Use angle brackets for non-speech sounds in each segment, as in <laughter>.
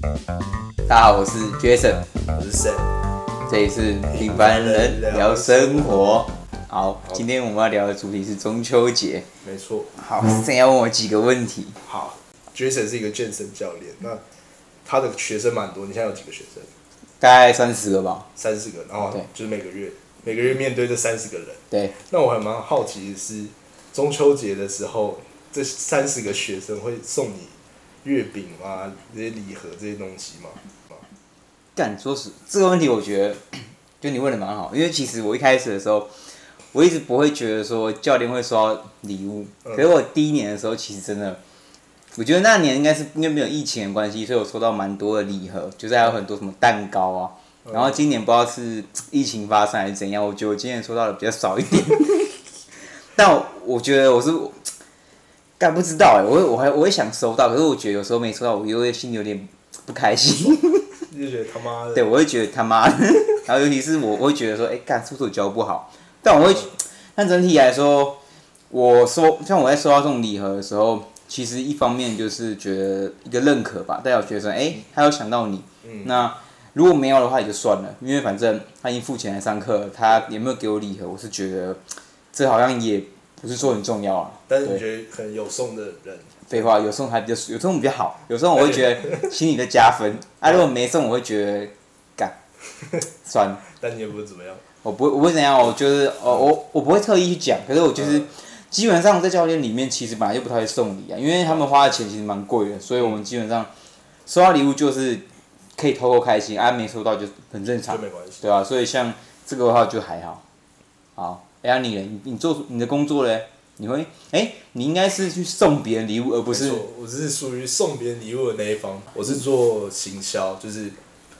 大家好，我是 Jason，我是、Sam、s 這裡是平凡人聊生活。生活好，好的今天我們要聊的主題是中秋節。沒錯。好 Sam <laughs> 要問我幾個問題。好，Jason 是一個健身教練，那他的學生蠻多，你現在有幾個學生？大概三十個吧。三十個，然後對就是每個月，每個月面對這三十個人。對。那我還蠻好奇的是，中秋節的時候，這三十個學生會送你。月餅啊，這些禮盒這些東西嘛。幹，說實這個問題，我覺得就你問的蠻好，因為其實我一開始的時候，我一直不會覺得說教練會收禮物。嗯、可是我第一年的時候，其實真的，我覺得那年應該是因為沒有疫情的關係，所以我收到蠻多的禮盒，就是還有很多什麼蛋糕啊。嗯、然後今年不知道是疫情發生還是怎樣，我覺得我今年收到的比較少一點。 <laughs> 但我，我覺得我是。幹不知道誒、欸，我會我還我也想收到，可是我覺得有時候沒收到，我又會心裡有點不開心。 <laughs> 你就覺得他媽的？ <laughs> 對，我會覺得他媽的。然後尤其是我，我會覺得說，誒、欸，幹叔叔教不好。但我會，嗯、但整體來說，我收像我在收到這種禮盒的時候，其實一方面就是覺得一個認可吧，代表學生誒，他有想到你。嗯、那如果沒有的話也就算了，因為反正他已經付錢來上課，他有沒有給我禮盒，我是覺得這好像也不是說很重要啊。但是你覺得可能有送的人？廢對 話，有送還比較有送比較好，有送我會覺得心裡的加分 <laughs> 啊。如果沒送，我會覺得幹，算了。 <laughs> 但你也不會怎麼樣。我不會，我不會怎樣，我就是哦、嗯，我我不會特意去講。可是我就是、嗯、基本上在教練裡面，其實本來就不太會送禮啊，因為他們花的錢其實蠻貴的，所以我們基本上收到禮物就是可以偷偷開心啊，沒收到就很正常，就沒關係。對啊，所以像這個的話就還好。好，哎、欸、呀、啊，你你做你的工作嘞。你會哎、欸，你應該是去送別人禮物，而不是我是屬於送別人禮物的那一方。我是做行銷，就是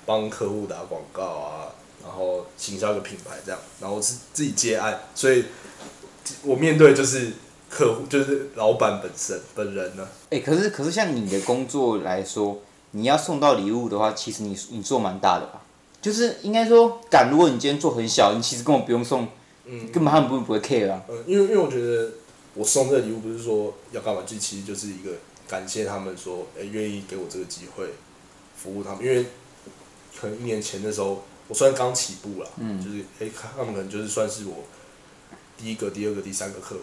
幫客戶打廣告啊，然後行銷個品牌這樣，然後我是自己接案，所以我面對就是客戶，就是老闆本身本人呢、啊。哎、欸，可是可是像你的工作來說， <laughs> 你要送到禮物的話，其實你你做蠻大的吧？就是應該說敢，如果你今天做很小，你其實根本不用送，嗯，根本他們不會不會 care、啊、嗯，因、嗯、為、嗯、因為我覺得。我送這個禮物不是說要幹嘛去，其實就是一個感謝他們說，哎、欸，願意給我這個機會服務他們。因為可能一年前的時候，我雖然剛起步了，嗯，就是哎、欸，他們可能就是算是我第一個、第二個、第三個客戶。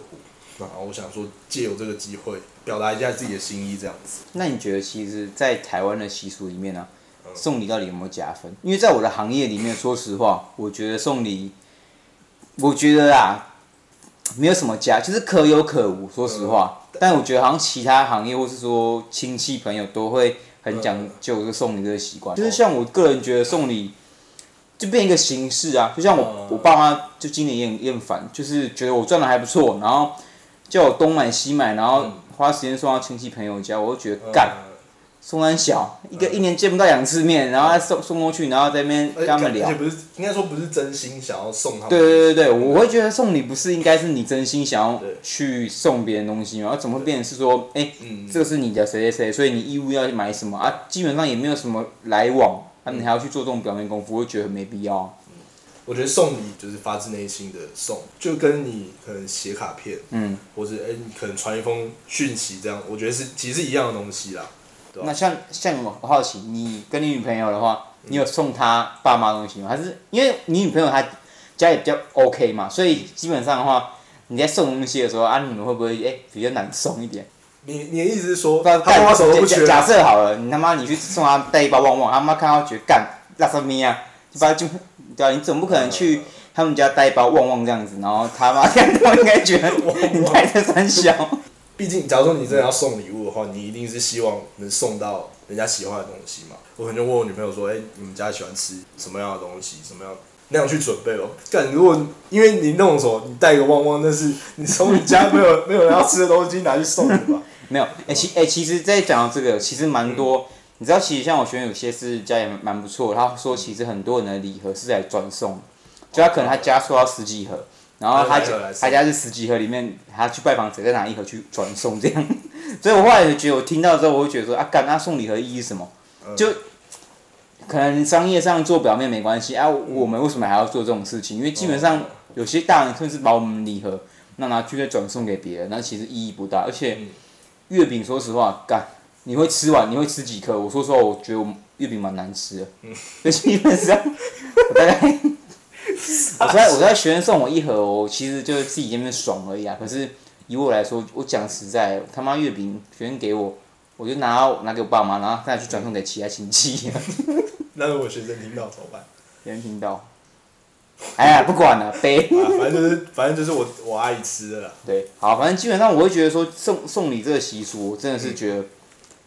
然後我想說，借由這個機會表達一下自己的心意，這樣子。那你覺得，其實，在台灣的習俗裡面呢、啊，送禮到底有沒有加分？嗯、因為在我的行業裡面， <laughs> 說實話，我覺得送禮，我覺得啊。沒有什麼家，就是可有可無。說實話，嗯、但我覺得好像其他行業或是說親戚朋友都會很講究，這個、嗯、送禮這個習慣。嗯、就是像我個人覺得送禮，就變一個形式啊。就像我、嗯、我爸媽，就今年也很厭煩，就是覺得我賺得還不錯，然後叫我東買西買，然後花時間送到親戚朋友家，我就覺得、嗯、幹。送完小，一個、嗯、一年見不到兩次面，然後送、嗯、送過去，然後在那邊跟他們聊。而且不是應該說不是真心想要送他們的東西。對對對對，我會覺得送禮不是應該是你真心想要去送別人東西然後對、啊、怎麼會變成是說，哎、欸，嗯、這個是你的誰誰誰，所以你義務要買什麼啊？基本上也沒有什麼來往，啊，你還要去做這種表面功夫，我會覺得很沒必要。我覺得送禮就是發自內心的送，就跟你可能寫卡片，嗯，或是哎、欸，你可能傳一封訊息，這樣，我覺得是其實是一樣的東西啦。對那像像我好奇，你跟你女朋友的話，你有送她爸媽東西嗎？還是因為你女朋友她家也比較 OK 嘛，所以基本上的話，你在送東西的時候，啊，你們會不會誒、欸、比較難送一點？你你的意思是說，帶我走。假設好了，你他媽你去送他帶一包旺旺，他媽看到覺得幹垃什麼呀，對吧、 <laughs> 啊，就，就對啊，你總不可能去他們家帶一包旺旺這樣子，然後他媽 <laughs> 他媽應該覺得汪汪哇你太膽小。 <laughs> 畢竟，假如說你真的要送禮物的話，你一定是希望能送到人家喜歡的東西嘛。我可能就問我女朋友說：“哎、欸，你們家喜歡吃什麼樣的東西？什麼樣那樣去準備咯、哦。」但如果因為你弄的時候，你帶一個旺旺，但是你從你家沒有 <laughs> 沒有人要吃的東西拿去送的吧？沒有。哎，其哎，其實，欸、其實在講到這個，其實蠻多。嗯、你知道，其實像我學員有些是家也蠻不錯。他說，其實很多人的禮盒是在專送，就他可能他加錯到十幾盒。然後他就他家是十幾盒裡面，他去拜訪誰再拿一盒去轉送這樣，所以我後來就覺得我聽到之後，我會覺得說啊，幹那、啊、送禮盒意義什麼？就可能商業上做表面沒關係，啊，我們為什麼還要做這種事情？因為基本上有些大人甚至是把我們禮盒那拿去再轉送給別人，那其實意義不大。而且月餅說實話，幹你會吃完？你會吃幾顆？我說實話，我覺得我們月餅蠻難吃的，嗯，就基本上 <laughs> 大家。我在我在學生送我一盒哦、喔，其實就是自己這邊爽而已啊。可是以我來說，我講實在，他媽月餅學生給我，我就拿拿給我爸媽，然後再去轉送給其他親戚。那如果學生聽到怎麼辦？別人聽到。哎呀，不管了，飛、就是，反正就是反正就是我我愛吃的啦。對，好，反正基本上我會覺得說送送禮這個習俗，我真的是覺得、嗯、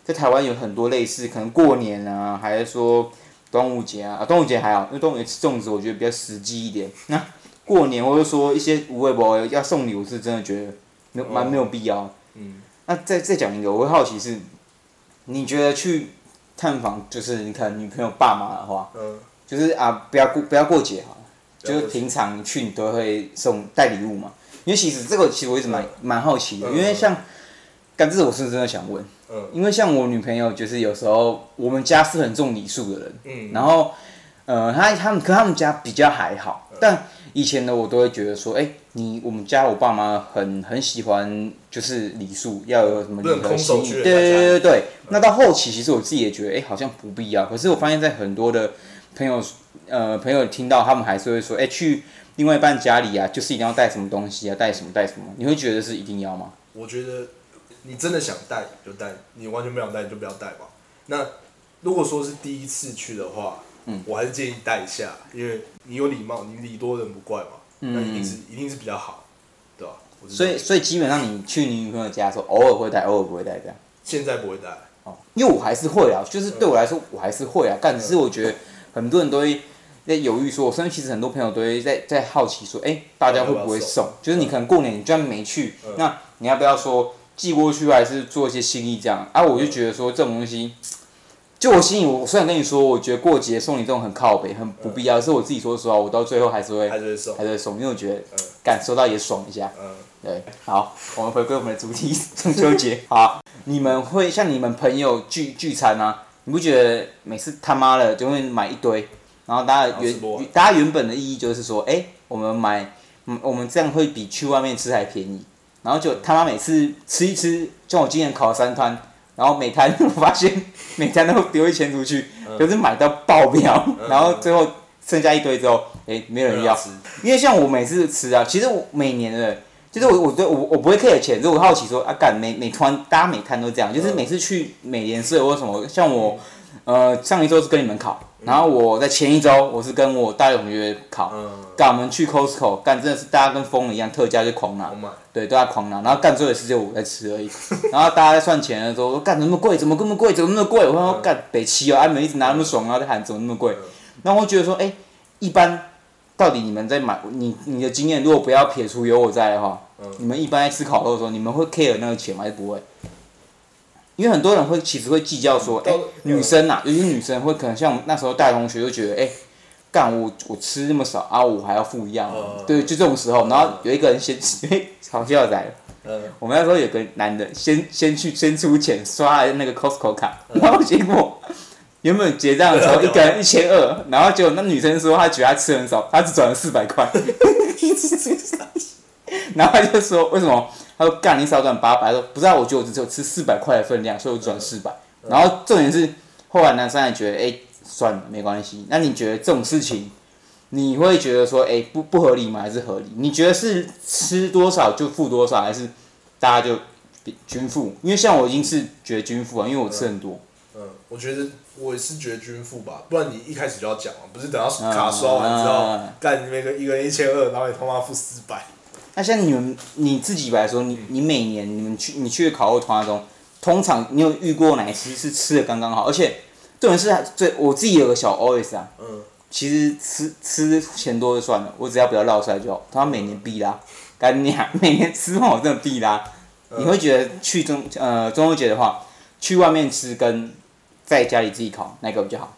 在台灣有很多類似，可能過年啊，還是說。端午節啊，啊，端午節還好，因為端午節吃粽子，我覺得比較實際一點。那過年或者說一些無謂不要送禮，我是真的覺得蠻沒有必要、哦。嗯，那再再講一個，我會好奇是，你覺得去探訪，就是你看女朋友爸媽的話，嗯，就是啊，不要過不要過節哈，就是平常去你都會送帶禮物嘛？因為其實這個其實我一直蠻蠻、嗯、好奇的，因為像，感覺，我是，是真的想問。嗯、因為像我女朋友，就是有時候我們家是很重禮數的人，嗯、然後，呃，她他，他，他們跟他們家比較還好，嗯、但以前呢，我都會覺得說，哎、欸，你我們家我爸媽很很喜歡，就是禮數要有什麼禮盒心意，對對對對。嗯、那到後期，其實我自己也覺得，哎、欸，好像不必要。可是我發現在很多的朋友，呃，朋友聽到他們還是會說，哎、欸，去另外一半家裡啊，就是一定要帶什麼東西啊，帶什麼帶什麼。你會覺得是一定要嗎？我覺得。你真的想帶就帶，你完全不想帶就不要帶嘛。那如果說是第一次去的話，嗯、我還是建議帶一下，因為你有禮貌，你禮多人不怪嘛，嗯嗯，那一定是一定是比較好，對吧、啊？所以所以基本上你去你女朋友家的時候，偶爾會帶，偶爾不會帶這樣。現在不會帶哦，因為我還是會啊，就是對我來說、嗯、我還是會啊，但只是我覺得很多人都會在猶豫說，我身邊其實很多朋友都會在在好奇說，哎、欸，大家會不會送？嗯、要要就是你可能過年你居然沒去，嗯、那你要不要說？寄過去還是做一些心意這樣，啊，我就覺得說這種東西，就我心裡，我雖然跟你說，我覺得過節送你這種很靠北，很不必要。嗯、是我自己說實話，我到最後還是會還是會送，還是送，因為我覺得、嗯、感受到也爽一下。嗯，對，好，我們回歸我們的主題，中秋節。 <laughs> 好，你們會像你們朋友聚聚餐啊？你不覺得每次他媽的就會買一堆，然後大家原大家原本的意義就是說，哎、欸，我們買，我們這樣會比去外面吃還便宜。然後就他媽每次吃一吃，像我今年烤了三攤，然後每攤我發現每攤都丟一千出去，嗯、就是買到爆表，然後最後剩下一堆之後，誒，沒有人要吃。嗯、因為像我每次吃啊，其實我每年的，就是我我對我我不會客的錢，只是我好奇說啊敢，幹每每攤大家每攤都這樣，就是每次去美聯社或什麼，像我，呃，上一周是跟你們烤。然後我在前一周，我是跟我大勇約烤，嗯、幹我們去 Costco 幹，真的是大家跟瘋了一樣，特價就狂拿，oh、my，對，都在狂拿。然後幹之後事就我在吃而已。 <laughs> 然後大家在算錢的時候，說幹怎麼那麼貴？怎麼那麼貴？怎麼那麼貴？我會說幹北七、哦、啊，阿美一直拿那麼爽，嗯、然後在喊怎麼那麼貴？嗯、然後我覺得說，哎，一般到底你們在買你你的經驗，如果不要撇除有我在的話，嗯、你們一般在吃烤肉的時候，你們會 care 那個錢嗎？還是不會？因為很多人會其實會計較說，哎、嗯，欸嗯、女生吶、啊，有些女生會可能像我們那時候大同學就覺得，哎、欸，幹我我吃那麼少啊，我還要付一樣，嗯、對，就這種時候，然後有一個人先吃，哎、嗯，嘲笑來了。嗯、我們那時候有個男的先，先先去先出錢刷了那個 Costco 卡，嗯、然後結果原本結賬的時候，嗯、一個人一千二，然後結果那女生說她覺得她吃很少，她只轉了四百塊，嗯、然後他就說為什麼？他說：“幹，你少轉八百，說不知道，我覺得我只有吃四百塊的分量，所以我轉四百。然後重點是，後來男生也覺得，哎、欸，算了，沒關係。那你覺得這種事情，你會覺得說，哎、欸，不不合理嗎？還是合理？你覺得是吃多少就付多少，還是大家就均付？因為像我已經是覺得均付啊，因為我吃很多。嗯，嗯，我覺得我也是覺得均付吧，不然你一開始就要講啊，不是等到卡刷完之後，幹、嗯嗯嗯、你每個一個人一千二，然後你他媽付四百。”那像你們你自己來來說，你你每年你們去你去烤肉團當中，通常你有遇過哪一次是吃的剛剛好？而且重點是啊，最我自己有個小 OS 啊，嗯，其實吃吃錢多就算了，我只要不要落出來就好。他每年必啦，跟、嗯、你講、啊，每年吃飯我真的必啦。嗯、你會覺得去中呃中秋節的話，去外面吃跟在家裡自己烤哪，那個比較好？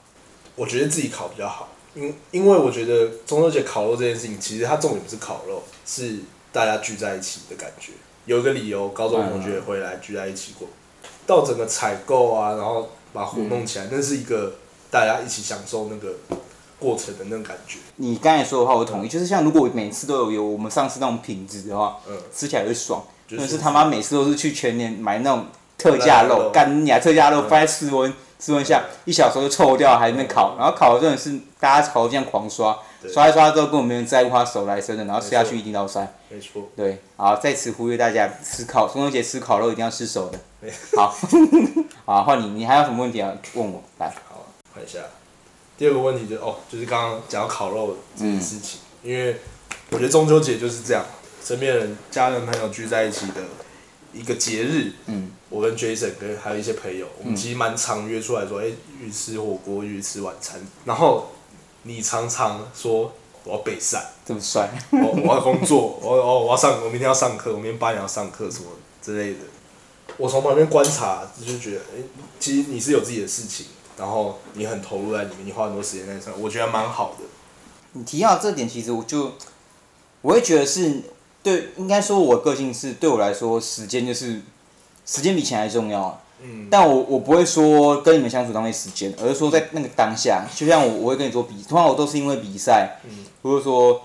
我覺得自己烤比較好，因因為我覺得中秋節烤肉這件事情，其實它重點不是烤肉，是。大家聚在一起的感覺，有個理由，高中同學也回來聚在一起過，到整個採購啊，然後把火弄起來，那是一個大家一起享受那個過程的那種感覺。嗯、你剛才說的話我同意，就是像如果每次都有有我們上次那種品質的話，嗯，吃起來會爽。嗯、但是他媽每次都是去全年買那種特價肉，幹你娘特價肉放在室溫室溫下、嗯、一小時就臭掉，還能烤，然後烤的真的是大家炒這樣狂刷。對刷一刷之後，根本沒人在乎它熟了還是生的，然後吃下去一定倒酸。沒錯錯。對，錯好。在此呼籲大家，吃烤中秋節吃烤肉一定要吃熟的。好沒 好。換 <laughs> 你，你還有什麼問題啊？問我來。好，看一下。第二個問題就是哦，就是剛剛講到烤肉這件事情，嗯、因為我覺得中秋節就是這樣，身邊人、家人、朋友聚在一起的一個節日。嗯。我跟 Jason 跟還有一些朋友，嗯、我們其實蠻常約出來說，哎、欸，去吃火鍋，去吃晚餐，然後。你常常說我要北上，這麼帥、啊，我我要工作，我我我要上，我明天要上課，我明天八點要上課什麼之類的。我從旁邊觀察，就覺得，哎、欸，其實你是有自己的事情，然後你很投入在裡面，你花很多時間在上，我覺得還蠻好的。你提到這點，其實我就，我會覺得是，對，應該說，我的個性是對我來說時間、就是，時間就是時間比錢還重要。但我我不會說跟你們相處浪費時間，而是說在那個當下，就像我我會跟你做比，通常我都是因為比賽，不是、嗯、說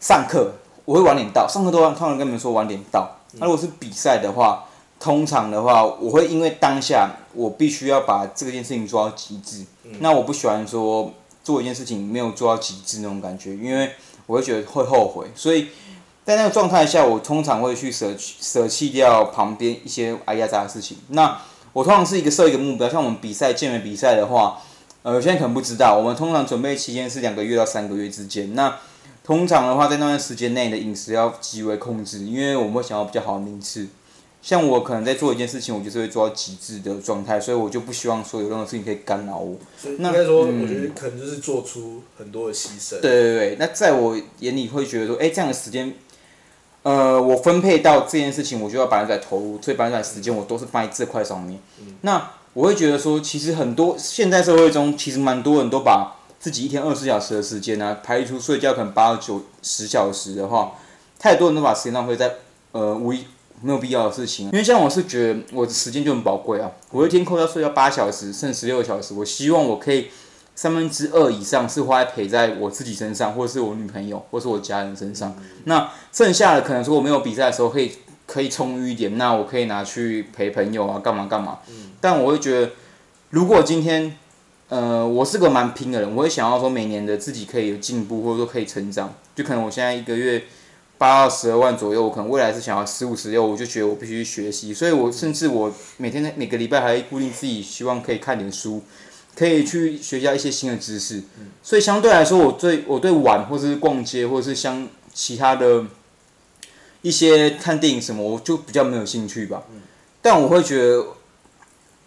上課，我會晚點到上課都通常跟你們說晚點到。嗯、那如果是比賽的話，通常的話我會因為當下我必須要把這件事情做到極致，嗯、那我不喜歡說做一件事情沒有做到極致那種感覺，因為我會覺得會後悔，所以在那個狀態下，我通常會去捨棄舍棄掉旁邊一些哎呀雜的事情，那。我通常是一個設一個目標，像我們比賽健美比賽的話，呃，現在可能不知道，我們通常準備期間是兩個月到三個月之間。那通常的話，在那段時間內的飲食要極為控制，因為我們會想要比較好的名次。像我可能在做一件事情，我就是會做到極致的狀態，所以我就不希望說有任何事情可以干擾我。所以那應該說，嗯、我覺得可能就是做出很多的犧牲。對對對，那在我眼裡會覺得說，哎、欸，這樣的時間。呃，我分配到這件事情，我就要把它再投入，所以把在時間，我都是放在這塊上面。嗯、那我會覺得說，其實很多現在社會中，其實蠻多人都把自己一天二十四小時的時間呢、啊，排除睡覺，可能八九、十小時的話，太多人都把時間浪費在呃無意沒有必要的事情。因為像我是覺得我的時間就很寶貴啊，我一天扣掉睡覺八小時，剩十六個小時，我希望我可以。三分之二以上是花在陪在我自己身上，或者是我女朋友，或是我家人身上。嗯嗯嗯。那剩下的可能說我沒有比賽的時候可以可以充裕一點，那我可以拿去陪朋友啊，幹嘛幹嘛。嗯。但我會覺得，如果今天，呃，我是個蠻拼的人，我會想要說每年的自己可以有進步，或者說可以成長。就可能我現在一個月八到十二萬左右，我可能未來是想要十五十六，我就覺得我必須去學習。所以我甚至我每天每個禮拜還會固定自己希望可以看點書。可以去學習一下，一些新的知識，所以相對來說，我對我對玩或者是逛街或者是像其他的一些看電影什麼，我就比較沒有興趣吧。但我會覺得，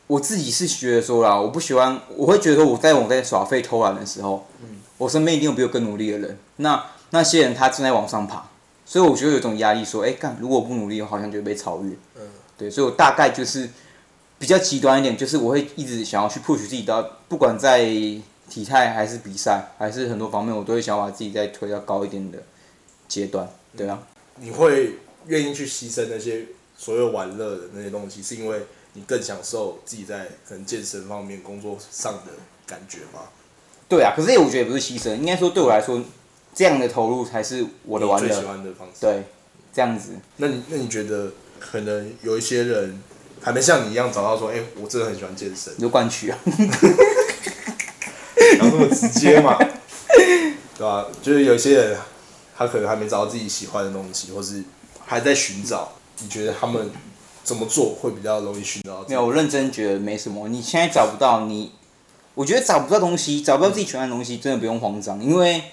我自己是覺得說啦，我不喜歡，我會覺得說我在我在耍廢偷懶的時候，我身邊一定有比我更努力的人。那那些人他正在往上爬，所以我覺得有種壓力，說哎幹，如果不努力，我好像就會被超越。嗯，對，所以我大概就是。比較極端一點，就是我會一直想要去 push 自己的，不管在體態還是比賽，還是很多方面，我都會想把自己再推到高一點的階段。對啊，你會願意去犧牲那些所有玩樂的那些東西，是因為你更享受自己在可能健身方面、工作上的感覺嗎？對啊，可是我覺得也不是犧牲，應該說對我來說，這樣的投入才是我的玩樂，最喜歡的方式。對，這樣子。那你那你覺得可能有一些人還沒像你一樣找到說，哎、欸，我真的很喜歡健身。劉冠區啊，然後這麼直接嘛，對吧、啊？就是有一些人，他可能還沒找到自己喜歡的東西，或是還在尋找。你覺得他們怎麼做會比較容易尋找到？沒有，我認真覺得沒什麼。你現在找不到你，我覺得找不到東西，找不到自己喜歡的東西，嗯、真的不用慌張，因為。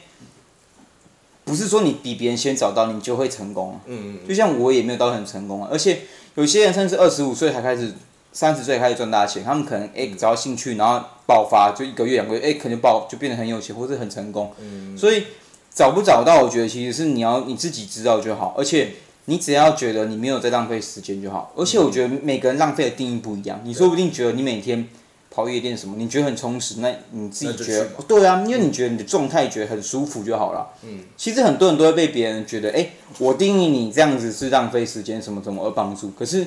不是說你比別人先找到你就會成功，嗯嗯，就像我也沒有到很成功啊。而且有些人甚至二十五歲才開始，三十歲開始賺大錢，他們可能哎找到興趣，然後爆發，就一個月兩個月哎、欸，可能就爆就變得很有錢或是很成功。嗯、所以找不找到，我覺得其實是你要你自己知道就好，而且你只要覺得你沒有在浪費時間就好。而且我覺得每個人浪費的定義不一樣，你說不定覺得你每天。跑夜店什麼？你覺得很充實？那你自己覺得對啊，因為你覺得你的狀態覺得很舒服就好了。嗯，其實很多人都會被別人覺得，哎、欸，我定義你這樣子是浪費時間，什麼什麼而幫助。可是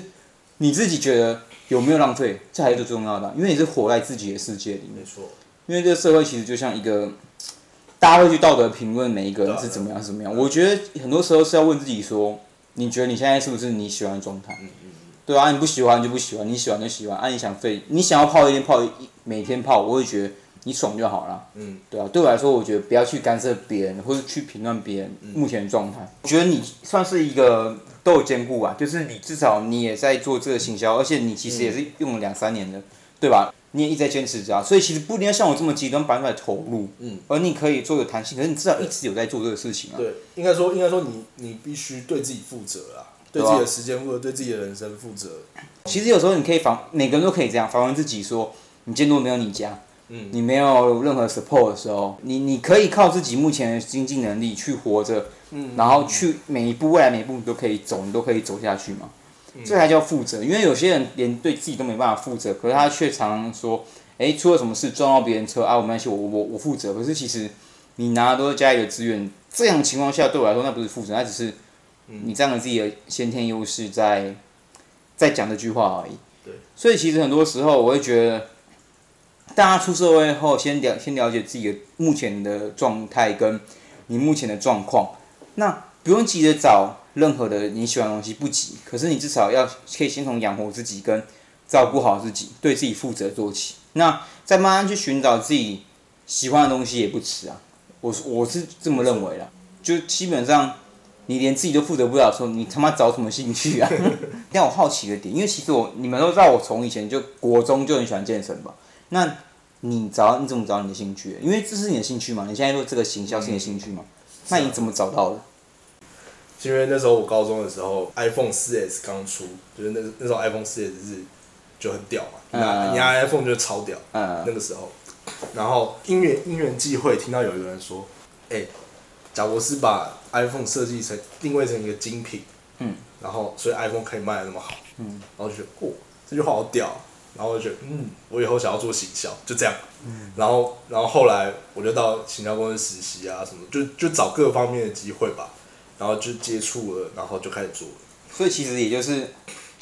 你自己覺得有沒有浪費？這還是最重要的、啊，因為你是活在自己的世界裡面。沒錯錯。因為這個社會其實就像一個，大家會去道德評論每一個人是怎麼樣怎麼樣。嗯、我覺得很多時候是要問自己說，你覺得你現在是不是你喜歡的狀態？嗯嗯對啊，你不喜歡就不喜歡，你喜歡就喜歡。啊，你想廢，你想要泡一天泡一，每天泡，我會覺得你爽就好了。嗯，對啊，對我來說，我覺得不要去干涉別人或者去評論別人目前的狀態。嗯、我覺得你算是一個都有兼顧吧，就是你至少你也在做這個行銷，而且你其實也是用了兩三年的，對吧？你也一直在堅持着啊，所以其實不一定要像我這麼極端百分百投入。嗯，而你可以做個彈性，可是你至少一直有在做這個事情啊。對，應該說，應該說你你必須對自己負責啊。對自己的時間或者對自己的人生負責。其實有時候你可以反，每個人都可以這樣反問自己，說，你今天如果沒有你家，嗯、你沒有任何 support 的時候，你你可以靠自己目前的經濟能力去活着，嗯、然後去每一步未來每一步你都可以走，你都可以走下去嘛。嗯、這才叫負責。因為有些人連對自己都沒辦法負責，可是他卻常常說，哎、欸，出了什麼事撞到別人車啊，我沒關係，我我我負責。可是其實你拿的都是家裡的資源，這樣情況下對我來說那不是負責，那只是。你佔了自己的先天優勢，在在講這句話而已。對，所以其實很多時候，我會覺得，大家出社會後，先了先了解自己的目前的狀態，跟你目前的狀況，那不用急着找任何的你喜歡的東西，不急。可是你至少要可以先從養活自己跟照顧好自己，對自己負責做起。那再慢慢去尋找自己喜歡的東西也不遲啊。我是我是這麼認為啦，就基本上。你連自己都負責不了，說你他媽找什麼興趣啊？ <laughs> 讓我好奇的點，因為其實我你們都知道，我從以前就國中就很喜歡健身吧。那你找你怎麼找你的興趣？因為這是你的興趣嘛。你現在說這個行銷是你的興趣嘛。嗯、那你怎麼找到的？是啊、因為那時候我高中的時候，iPhone 4S 剛出，就是那那時候 iPhone 4S 是就很屌嘛，人家、嗯、iPhone 就超屌，嗯、那個時候。然後因緣因緣際會，聽到有一個人說：“哎、欸。”我是把 iPhone 設計成定位成一個精品，嗯，然後所以 iPhone 可以賣的那麼好，嗯，然後我就覺得哦、喔，這句話好屌，然後我就覺得嗯，我以後想要做行銷，就這樣，嗯，然後然後後來我就到行銷公司實習啊，什麼就就找各方面的機會吧，然後就接觸了，然後就開始做。所以其實也就是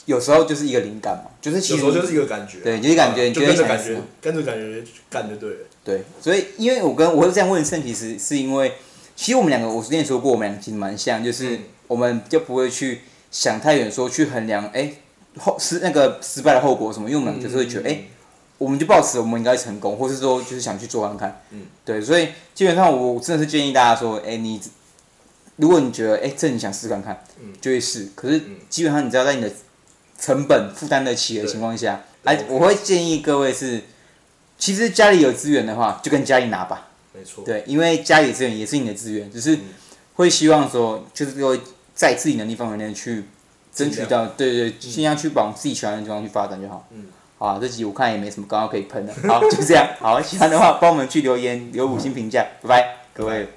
有時候就是一個靈感嘛，就是其實就是一個感覺、啊，對，就是、感覺，跟着感覺，跟着感覺幹就對了。對，所以因為我跟我是這樣問聖其實是因為。其實我們兩個，我之前說過，我們兩其實蠻像，就是我們就不會去想太遠，說去衡量，哎、欸，後失那個失敗的後果什麼？因為就是會覺得，哎、欸，我們就抱持，我們應該成功，或是說就是想去做看看。嗯。對，所以基本上我真的是建議大家說，哎、欸，你，如果你覺得，哎、欸，這你想試看看，嗯，就會試。可是基本上，你知道，在你的成本負擔得起的情況下，哎、啊，我會建議各位是，其實家裡有資源的話，就跟家裡拿吧。沒錯，對，因為家裡資源也是你的資源，只、就是會希望說，就是說在自己能力範圍內去爭取到，量對，對對，盡量去往自己喜歡的地方去發展就好。嗯，啊，這集我看也沒什麼剛剛可以噴的， <laughs> 好，就這樣，好，喜歡的話幫我們去留言，留五星評價，嗯、拜拜，各位。